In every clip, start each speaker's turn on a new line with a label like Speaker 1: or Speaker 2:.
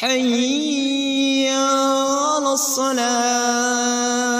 Speaker 1: حي على الصلاه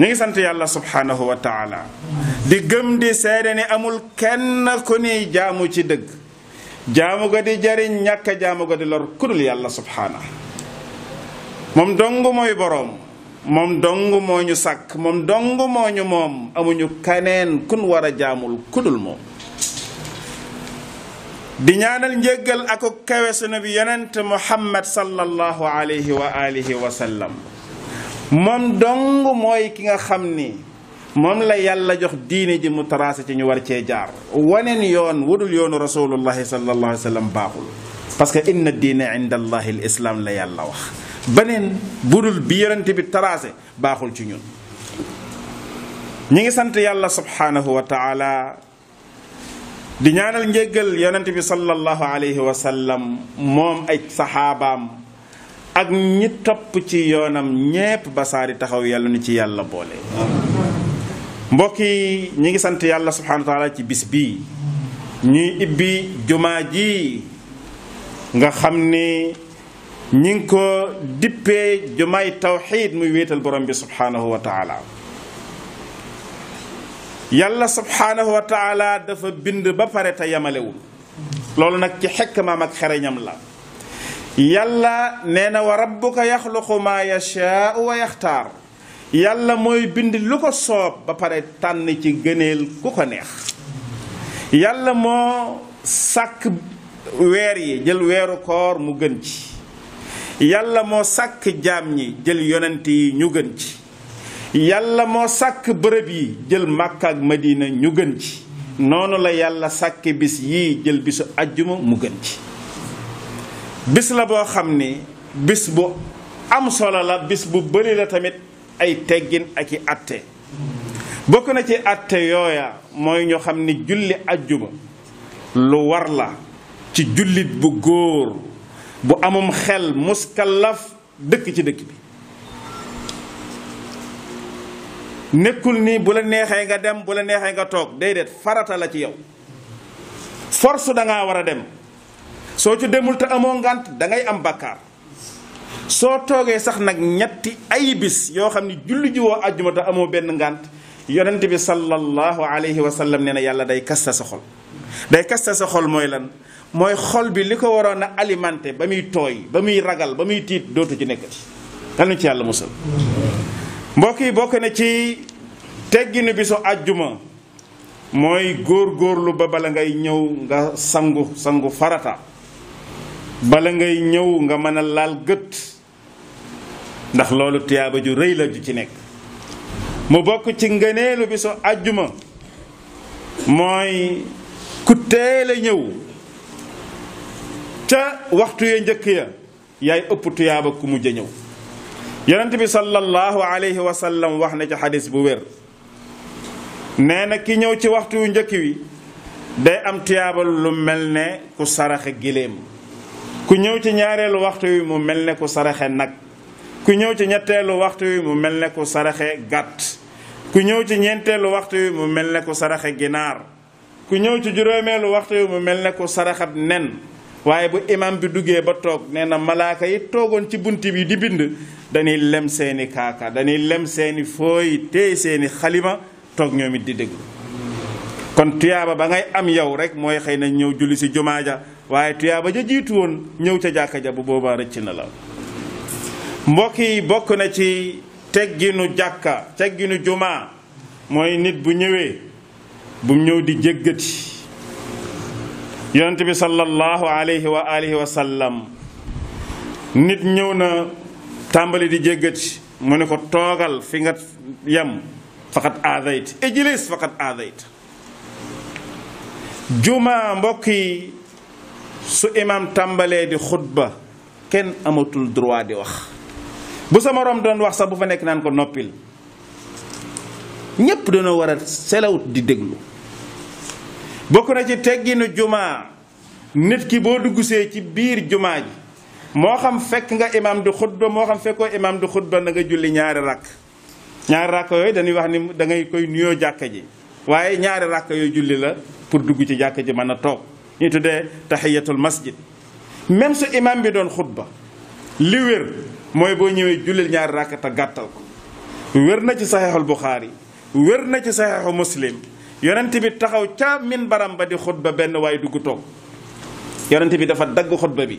Speaker 1: ñu ngi sant yàlla subhaanahu wa taala di gëm di seede ni amul kenn ku ni jaamu ci dëgg jaamu ga di jariñ ñàkk jaamu ga di lor kudul yàlla subhaana moom dong mooy boroom moom dong moo sàkk moom dong moo moom amuñu kaneen kun war a jaamul kudul moom di ñaanal njéggal ako kawe sunu bi yonent muhammad sallallahu alayhi wa alihi wa sallam mom dong moy ki nga xamni mom la yàlla jox diine ji mu tracé ci ñu war ci jaar wonen yoon wudul yoonu rasulullah sallallahu alaihi wasallam baaxul parce que inna diina inda allah l la yàlla wax benen budul bi yonente bi tracé baaxul ci ñun ñi ngi sant yàlla subhanahu wa taala di ñaanal ñeegal yonente bi sallallahu alaihi wasallam mom ay sahabaam ak ñi topp ci yoonam ñépp basaari taxaw yàlla ni ci yàlla boole mbokk yi ñi ngi sant yàlla subhanahu wa taala ci bis bii ñuy ibbi jumaa ji nga xam ni ñi ngi ko dippee jumaay tawxiid muy wéetal borom bi subhanahu wa taala yàlla subhanahu wa taala dafa bind ba pare te yemalewul loolu nag ci xekk maam ak xereñam la yàlla nee na wa rabbuka yaxluqu maa yashaau wa yaxtaar yàlla mooy bind lu ko soob ba pare tànn ci gëneel ku ko neex yàlla moo sàkk weer yi jël weeru koor mu gën ci yàlla moo sàkk jaam yi jël yonent yi ñu gën ci yàlla moo sàkk bërëb yi jël màkka ak madina ñu gën ci noonu la yàlla sàkk bis yii jël bisu ajjuma mu gën ci bis la boo xam ni bis bu am solo la bis bu bari la tamit ay teggin ak i atte bokk na ci atte yooya mooy ñoo xam ni julli ajjuma lu war la ci jullit bu góor bu amum xel muskalaf dëkk ci dëkk bi nekkul nii bu la neexee nga dem bu la neexee nga toog déedéet farata la ci yow force dangaa war a dem soo ci demul te amoo ngànt da ngay am bàkkaar soo toogee sax nag ñetti ay bis yoo xam ne julli ji woo àjjuma te amoo benn ngànt yonent bi sallallahu alayhi wa sallam nee na yàlla day kasta sa xol day kasta sa xol mooy lan mooy xol bi li ko waroon a alimenté ba muy tooy ba muy ragal ba muy tiit dootu ci nekkati yal na ci yàlla musal mbokk yi bokk na ci tegginu bisu àjjuma mooy góor góorlu ba bala ngay ñëw nga sangu sangu farata bala ngay ñëw nga mën a laal gët ndax loolu tiyaaba ju rëy la ju ci nekk mu bokk ci ngëneelu bi su àjjuma mooy ku teel a ñëw ca waxtu ya njëkk ya yaay ëpp tuyaaba ku mujj a ñëw yonent bi sallallahu alayhi wa sallam wax na ci xadis bu wér nee na ki ñëw ci waxtu wu njëkk wi day am tuyaaba lu mel ne ku saraxe giléem ku ñëw ci ñaareelu waxtu yi mu mel ne ku saraxe nag ku ñëw ci ñetteelu waxtu yi mu mel ne ku saraxe gàtt ku ñëw ci ñeenteelu waxtu wi mu mel ne ku saraxe ginaar ku ñëw ci juróomeelu waxtu wi mu mel ne ku saraxab nen waaye bu imam bi duggee ba toog nee na malaaka yi toogoon ci bunt bi di bind dañuy lem seeni kaaka dañuy lem seeni fooy téey seeni xalima toog ñoom it di déglu kon tuyaaba ba ngay am yow rek mooy xëy na ñëw julli si jumaa ja waye tuyaabaja jiitu won ñëw ca jàkka jabu booba rëccina law mbokk yi bokk na ci tegginu jàkka tegginu juma mooy nit bu ñëwee bu ñëw di jéggati yonente bi salallahu alayhi wa alihi wa sallam nit ñëw na tàmbali di jéggati mu ne ko toogal fi nga yem faqat adayt ijlis faqat adayt juma mbokk yi su imam tàmbalee di xutba kenn amatul droit di wax bu sa moroom doon wax sax bu fa nekk naan ko noppil ñépp dañoo war a selawut di déglu bokk na ci tegginu jumaa nit ki boo duggsee ci biir jumaa ji moo xam fekk nga imam di xutba moo xam fekkoo imam di xutba na nga julli ñaari rakk ñaari rakk yooyu dañuy wax ni da ngay koy nuyoo jàkka ji waaye ñaari rakk yooyu julli la pour dugg ci jàkka ji mën a toog ñu tuddee tahiyatul masjid même su imam bi doon xutba li wér mooy boo ñëwee jullil ñaari rakkata gàttal ko wér na ci saxeexul buxaari wér na ci saxeexu muslim yonent bi taxaw ca min baram ba di xutba benn waaye dugg toog yonent bi dafa dagg xutba bi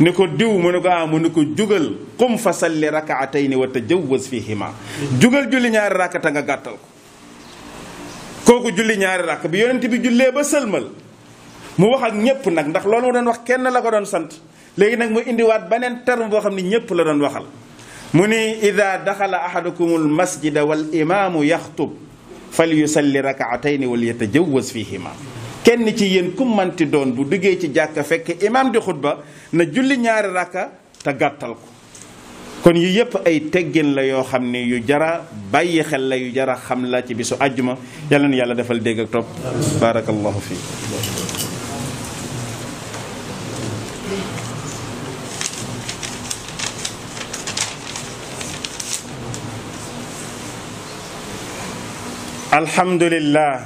Speaker 1: ni ko diw mu ne ko ah mu ne ko jugal qum fa salli rakaatayni wa tajawwaz fihima jugal julli ñaari rakkata nga gàttal ko kooku julli ñaari rakk bi yonent bi jullee ba sëlmal mu wax ak ñëpp nag ndax loolu mu doon wax kenn la ko doon sant léegi nag mu indiwaat beneen terme boo xam ne ñëpp la doon waxal mu ni ida daxala ahadukum al masjida wal imaamu yaxtub fal yu yusalli rakaatayni wal fii fihima kenn ci yéen ku manti doon bu duggee ci jàkk fekk imaam di xutba na julli ñaari raka te gàttal ko kon yi yëpp ay teggin la yoo xam ne yu jara bàyyi xel la yu jara xam la ci bisu àjjuma yàlla na yàlla defal dégg ak topp barakallahu الحمد لله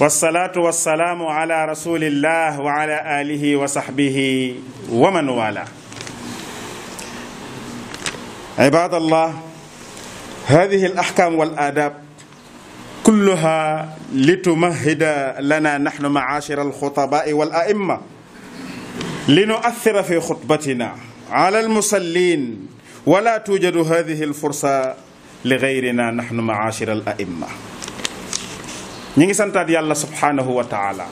Speaker 1: والصلاة والسلام على رسول الله وعلى آله وصحبه ومن والاه عباد الله هذه الأحكام والآداب كلها لتمهد لنا نحن معاشر الخطباء والأئمة لنؤثر في خطبتنا على المصلين ولا توجد هذه الفرصة لغيرنا نحن معاشر الأئمة ñi ngi santaat yàlla subhanahu wa taala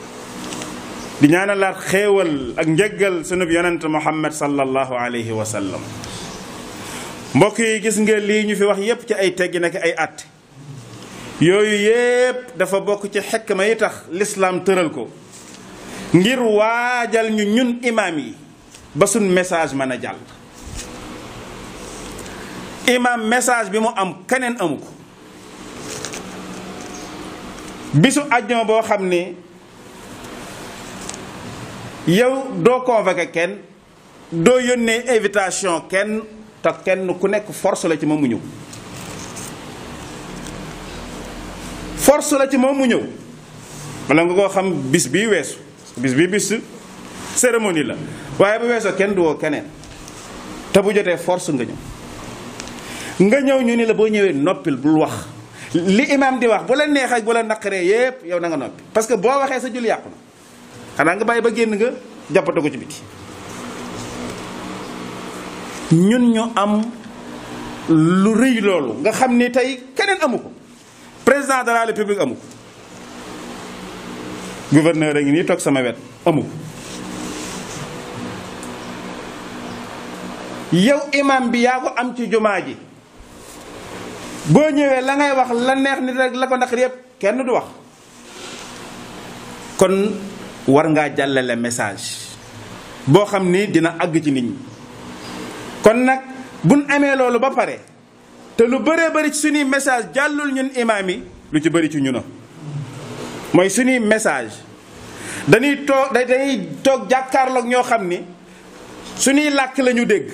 Speaker 1: di ñaanalaat xéewal ak njëggal sunub yonent muhammad sallallahu alayhi wa sallam mbokk yi gis nga lii ñu fi wax yépp ci ay teggi nag ay atte yooyu yépp dafa bokk ci xekma yi tax lislaam tëral ko ngir waajal ñu ñun imaam yi ba suñ message mën a jàll imaam message bi mu am keneen amu ko bisu àjjuma boo xam ni yow doo convoqué kenn doo yónnee invitation kenn te kenn ku nekk force la ci moom mu ñëw force la ci moom mu ñëw bala nga koo xam bis bii weesu bis bii bis cérémonie la waaye bu weesoo kenn du woo keneen te bu jotee force nga ñëw nga ñëw ñu ni la boo ñëwee noppil bul wax li imaam di wax bu neex ak bu la naqaree yépp yow na nga noppi parce que boo waxee sa julli yàqu na xanaa nga bàyyi ba génn nga jàppatoo ko ci biti ñun ñu am lu rëy loolu nga xam ni tey keneen amu ko président de la république amu ko gouverneur a ngi nii toog sama wet amu ko yow imam bi yaa ko am ci jumaa ji boo ñëwee la ngay wax la neex nit rek la ko ndax yëpp kenn du wax kon war ngaa jàllale message boo xam ni dina àgg ci nit ñi kon nag buñ amee loolu ba pare te lu bëree bari ci suñuy message jàllul ñun imaam yi lu ci bëri ci ñu na mooy suñuy message dañuy toog dañuy toog jàkkaarlook ñoo xam ni suñuy làkk lañu dégg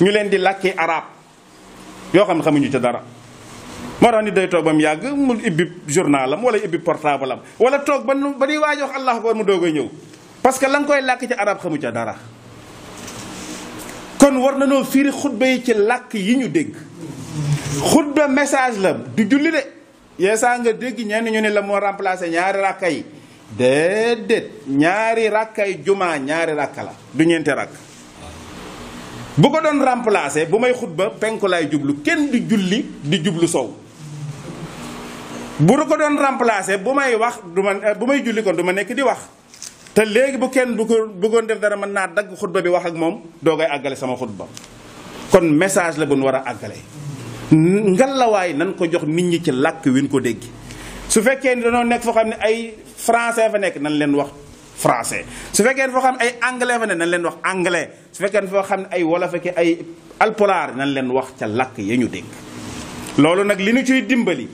Speaker 1: ñu leen di làkki arab yoo xam ne xamuñu ca dara moo tax nit day toog ba mu yàgg mu ibbi journal am wala ibbi portable am wala toog ba nu ba nuy waaj wax allah akbar mu doogay ñëw parce que la nga koy làkk ci arab xamu ca dara kon war na noo firi xutba yi ci làkk yi ñu dégg xutba message la du julli de yeesaa nga dégg ñenn ñu ne la moo remplacé ñaari ràkka yi déedéet ñaari ràkka yi jumaa ñaari ràkka la du ñeenti ràkk bu ko doon remplacer bu may xutba penku laay jublu kenn du julli di jublu sow bu ko doon remplacer bu may wax du ma eh, bu may julli kon du ma nekk di wax te léegi bu kenn bu ko bëggoon def dara mën naa dagg xutba bi wax ak moom doo koy àggale sama xutba kon message la bu nu war a àggale ngalawaay nan ko jox nit ñi ci làkk win ko dégg su fekkee ni danoo nekk foo xam ne ay français fa nekk nan leen wax français su fekkee foo xam ne ay anglais fa ne nañ leen wax anglais su fekkee foo xam ne ay wolof ay alpulaar nañ leen wax ca làkk ya ñu dégg loolu nag li ñu ciy dimbali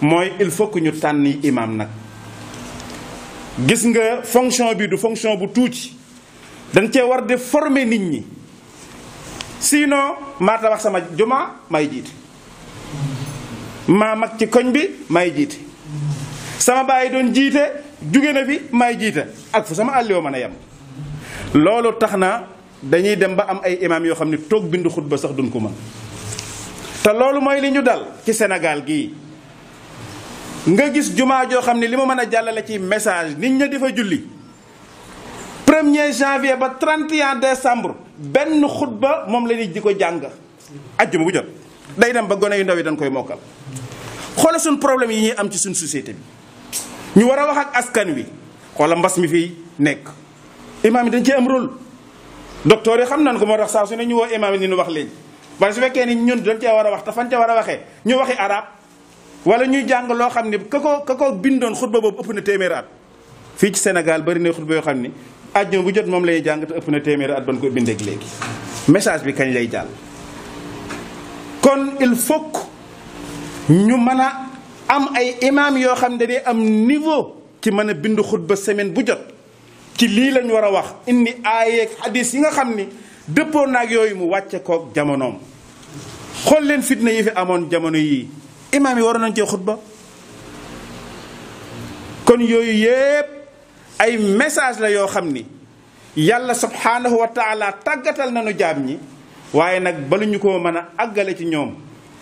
Speaker 1: mooy il faut que ñu tànn imaam nag gis nga fonction bi du fonction bu tuuti dañ cee war di former nit ñi sinon maa tabax sama juma may jiite maa mag ci koñ bi may jiite sama baay doon jiite jóge na fi may jiite ak fu sama yoo mën a yem loolu tax naa dañuy dem ba am ay imaam yoo xam ne toog bindu xutba sax duñ ko mën te loolu mooy li ñu dal ci Sénégal gii nga gis jumaa joo xam ne li ma mën a jàllale ci message nit ña di fa julli premier janvier ba 31 décembre benn xutba moom la nit di ko jàng ajjuma bu jot day dem ba gone yu ndaw yi dañ koy mokkal xoolal suñ problème yi ñuy am ci suñ société bi ñu war a wax ak askan wi xoola mbas mi fi nekk imaam yi dañ ci am rôle docteur yi xam nañ ko moo tax saa su ne ñu woo imaam yi ni ñu wax leen waaye su fekkee ni ñun dañ ca war a wax te fan ca war a waxee ñu waxi arab wala ñuy jàng loo xam ne ka ko ka ko bindoon xutba boobu ëpp na téeméer at fii ci senegal bari ne xutba yoo xam ni àjjuma bu jot moom lay jàng te ëpp na téeméer at ban ko bindeeg léegi message bi kañ lay jàll kon il faut ñu mën a am ay imaam yoo xam ne day am niveau ci mën a bind xutba semaine bu jot ci lii lañu war a wax indi aayeeg xadis yi nga xam ni dëppoo naag yooyu mu wàcce koog jamonoom xool leen fitna yi fi amoon jamono yii imaam yi waroon nañ cee xutba kon yooyu yépp ay message la yoo xam ni yàlla subhaanahu wa tàggatal nañu jaam ñi waaye nag balu ko mën a àggale ci ñoom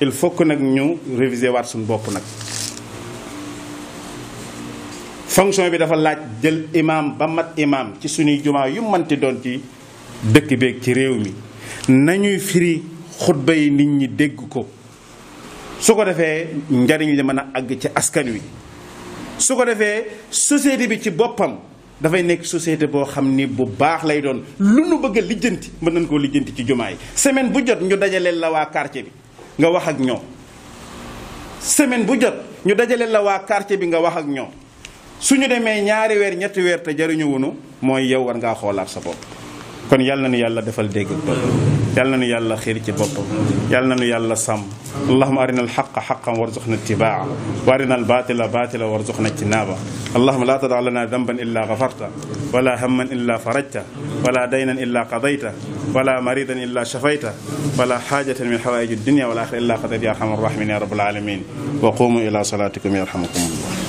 Speaker 1: il faut que nag ñu réviser waat suñu bopp nag fonction bi dafa laaj jël imaam ba mat imaam ci suñuy jumaa yu manti doon ci dëkk beeg ci réew mi nañuy firi xutba yi nit ñi dégg ko su ko defee njariñ li mën a àgg ci askan wi su ko defee société bi ci boppam dafay nekk société boo xam ni bu baax lay doon lu nu bëgg a lijjanti mën nañ koo lijjanti ci jumaa yi semaine bu jot ñu dajaleel la waa quartier bi nga wax ak ñoom semaine bu jot ñu dajaleel la waa quartier bi nga wax ak ñoom suñu démé ñaari wër ñetti wër te jarignu wunu moy yow war nga xolaat sa bop kon yàlla nu yàlla defal dégg yàlla nu yàlla xiir ci bop yàlla nu yàlla sam اللهم أرنا الحق حقا وارزقنا اتباعه وأرنا الباطل باطلا وارزقنا اجتنابه اللهم لا تدع لنا ذنبا إلا غفرته ولا هما إلا فرجته ولا دينا إلا قضيته ولا مريضا إلا شفيته ولا حاجة من حوائج الدنيا والآخرة إلا قضيت يا أرحم الراحمين يا رب العالمين وقوموا إلى صلاتكم يرحمكم الله